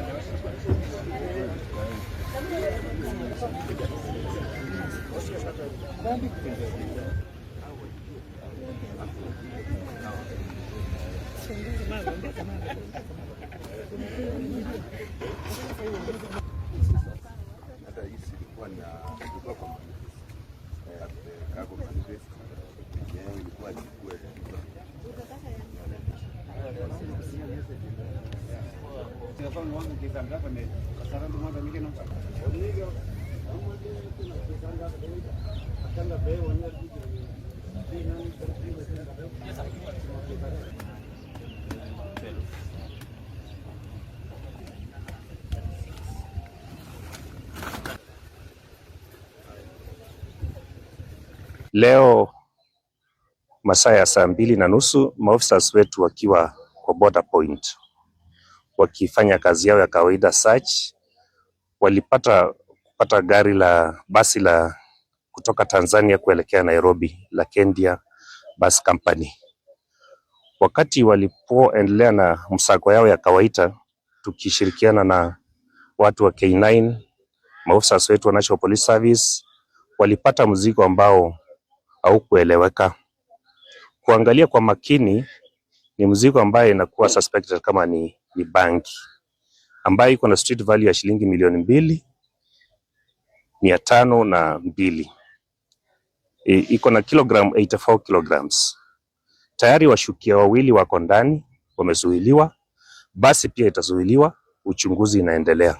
Hata hisi ilikuwa na ilikuwa kwa ilikuwa Leo masaa ya saa mbili na nusu maofisa wetu wakiwa kwa border point wakifanya kazi yao ya kawaida search, walipata kupata gari la basi la kutoka Tanzania kuelekea Nairobi la Kendia Bus Company. Wakati walipoendelea na msako yao ya kawaida, tukishirikiana na watu wa K9 maofisa wetu wa National Police Service walipata mzigo ambao haukueleweka. Kuangalia kwa makini, ni mzigo ambaye inakuwa suspected kama ni ni banki ambayo iko na street value ya shilingi milioni mbili mia tano na mbili. E, iko na kilogram 84 kilograms. Tayari washukia wawili wako ndani wamezuiliwa, basi pia itazuiliwa, uchunguzi inaendelea.